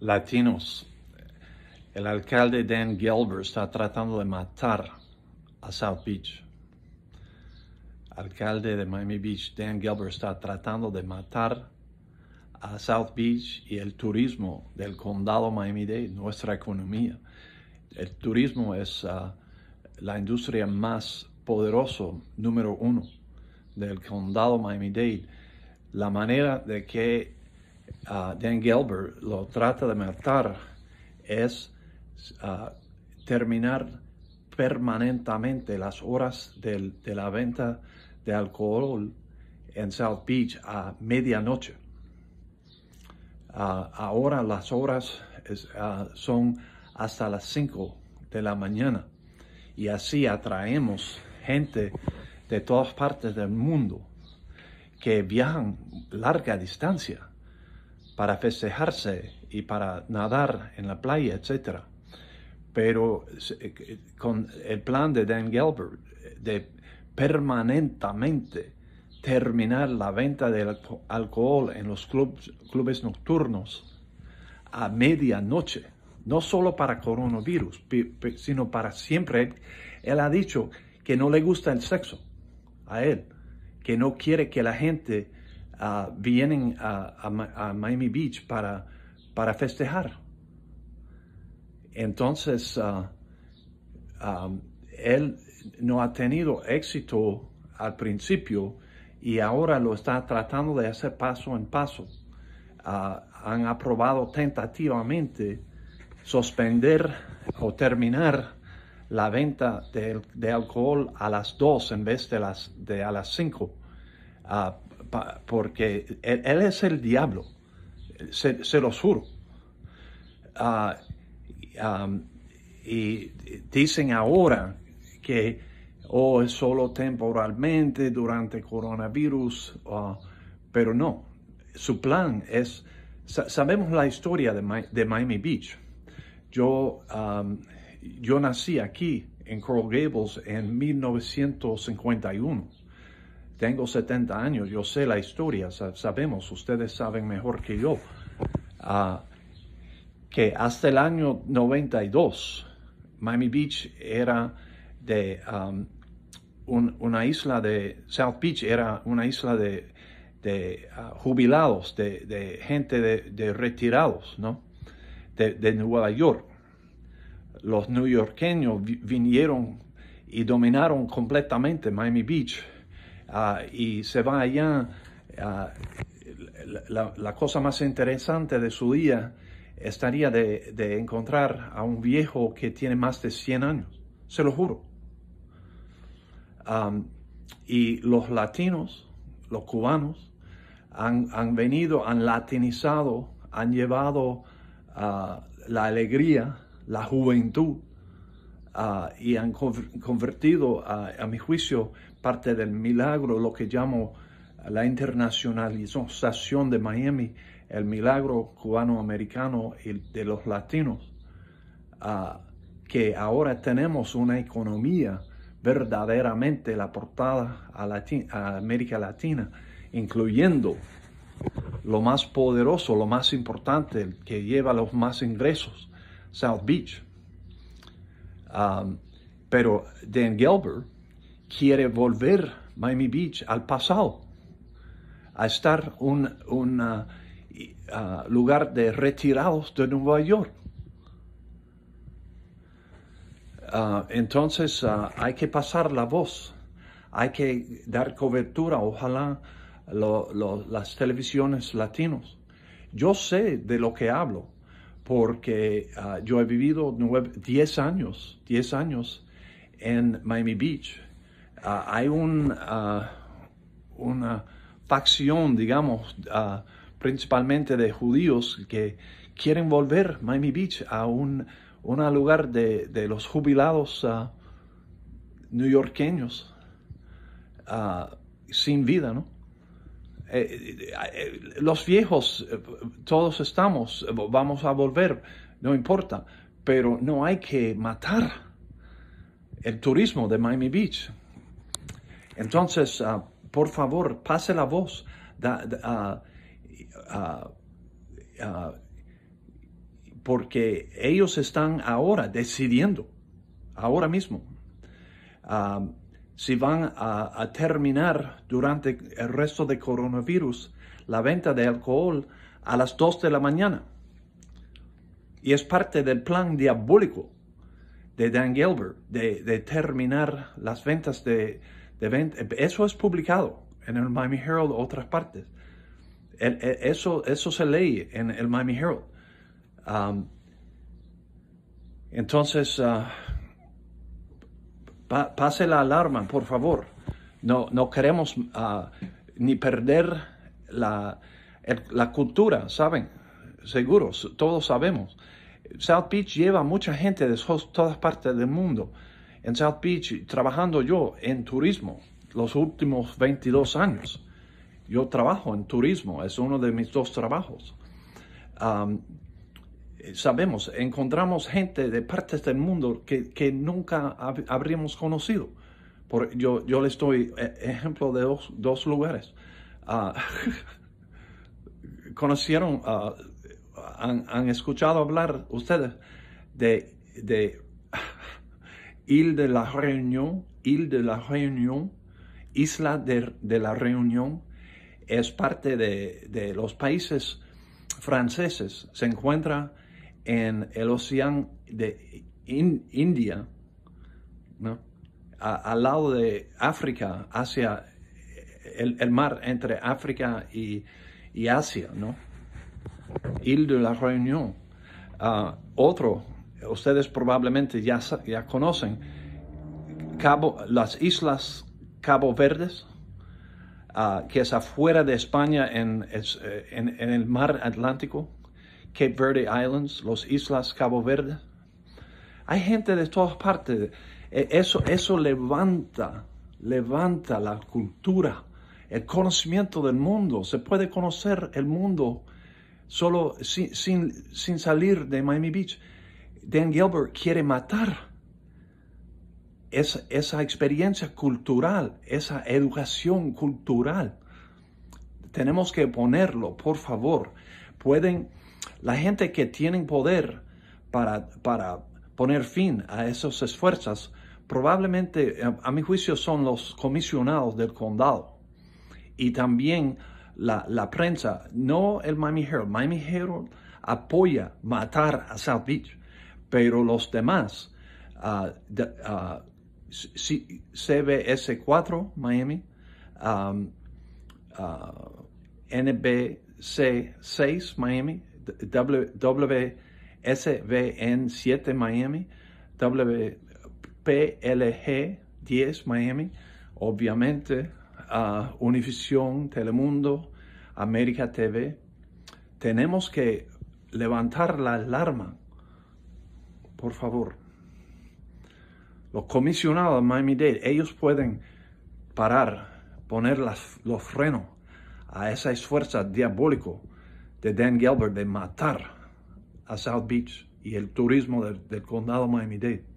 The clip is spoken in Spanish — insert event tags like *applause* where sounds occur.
latinos. El alcalde Dan Gelber está tratando de matar a South Beach. Alcalde de Miami Beach, Dan Gelber está tratando de matar a South Beach y el turismo del condado Miami-Dade, nuestra economía. El turismo es uh, la industria más poderosa, número uno, del condado Miami-Dade. La manera de que Dan Gelber lo trata de matar es terminar permanentemente las horas de la venta de alcohol en South Beach a medianoche. ahora las horas son hasta las 5 de la mañana y así atraemos gente de todas partes del mundo que viajan larga distancia para festejarse y para nadar en la playa, etc. Pero eh, con el plan de Dan Gilbert eh, de permanentemente terminar la venta del alcohol en los clubes nocturnos a medianoche, no solo para coronavirus, sino para siempre. Él ha dicho que no le gusta el sexo a él, que no quiere que la gente Ah, vienen a, Miami Beach para, para festejar. Entonces, ah, ah, él no ha tenido éxito al principio y ahora lo está tratando de hacer paso en paso. han aprobado tentativamente suspender o terminar la venta de, alcohol a las 2 en vez de, las, de a las 5 porque él, es el diablo, se, se lo juro. Ah, y dicen ahora que oh, es solo temporalmente durante coronavirus, ah, pero no, su plan es, sabemos la historia de, Miami Beach. Yo, yo nací aquí en Coral Gables en 1951 tengo 70 años, yo sé la historia, sabemos, ustedes saben mejor que yo, ah, que hasta el año 92 Miami Beach era de um, una isla de, South Beach era una isla de, ah, jubilados, de, gente de, retirados, ¿no? De, Nueva York. Los neoyorqueños vinieron y dominaron completamente Miami Beach Ah, y se va allá. Ah, la, cosa más interesante de su día estaría de, encontrar a un viejo que tiene más de 100 años, se lo juro. y los latinos, los cubanos, han, venido, han latinizado, han llevado ah, la alegría, la juventud, y han convertido, a, mi juicio, parte del milagro, lo que llamo la internacionalización de Miami, el milagro cubano-americano y de los latinos, ah, que ahora tenemos una economía verdaderamente la portada a, América Latina, incluyendo lo más poderoso, lo más importante, que lleva los más ingresos, South Beach. Ah, pero Dan Gelber quiere volver Miami Beach al pasado, a estar un, un ah, ah, lugar de retirados de Nueva York. Ah, entonces hay que pasar la voz, hay que dar cobertura, ojalá las televisiones latinos. Yo sé de lo que hablo, porque yo he vivido 10 años, 10 años en Miami Beach Ah, hay un, ah, una facción, digamos, ah, principalmente de judíos que quieren volver Miami Beach a un, lugar de, los jubilados neoyorqueños sin vida, ¿no? Eh, eh, eh, los viejos, todos estamos, vamos a volver, no importa, pero no hay que matar el turismo de Miami Beach. Entonces, ah, por favor, pase la voz. Ah, ah, porque ellos están ahora decidiendo, ahora mismo, si van a, terminar durante el resto del coronavirus la venta de alcohol a las 2 de la mañana. Y es parte del plan diabólico de Dan Gilbert de, de terminar las ventas de, eso es publicado en el Miami Herald, otras partes. eso, eso se lee en el Miami Herald. Um, entonces, uh, pase la alarma, por favor. No, no queremos uh, ni perder la, cultura, ¿saben? Seguros, todos sabemos. South Beach lleva mucha gente de todas partes del mundo en South Beach trabajando yo en turismo los últimos 22 años. Yo trabajo en turismo, es uno de mis dos trabajos. sabemos, encontramos gente de partes del mundo que, nunca habríamos conocido. Por, yo, yo le estoy eh, ejemplo de dos, lugares. Ah, *laughs* conocieron, ah, han, escuchado hablar ustedes de, de Île de la Réunion, Île de la Réunion, Isla de, la Reunión, es parte de, los países franceses. Se encuentra en el océano de India, al lado de África, hacia el, mar entre África y, Asia, ¿no? de la Reunión. Ah, otro ustedes probablemente ya, ya conocen, Cabo, las islas Cabo Verdes, ah, que es afuera de España eh, en, el mar Atlántico, Cape Verde Islands, las islas Cabo Verde. Hay gente de todas partes. E, eso, eso levanta, levanta la cultura, el conocimiento del mundo. Se puede conocer el mundo solo sin salir de Miami Beach. Dan Gilbert quiere matar esa, esa experiencia cultural, esa educación cultural. Tenemos que ponerlo, por favor. Pueden, la gente que tiene poder para, para poner fin a esos esfuerzos, probablemente, eh, a mi juicio, son los comisionados del condado y también la, la prensa, no el Miami Herald. Miami Herald apoya matar a South Beach pero los demás, ah, ah, CBS4 Miami, ah, NBC6 Miami, wsvn 7 Miami, WPLG10 Miami, obviamente Univision, Telemundo, América TV. Tenemos que levantar la alarma por favor. Los comisionados de Miami-Dade, ellos pueden parar, poner las, los frenos a esa esfuerza diabólico de Dan Gilbert de matar a South Beach y el turismo del, condado condado Miami-Dade.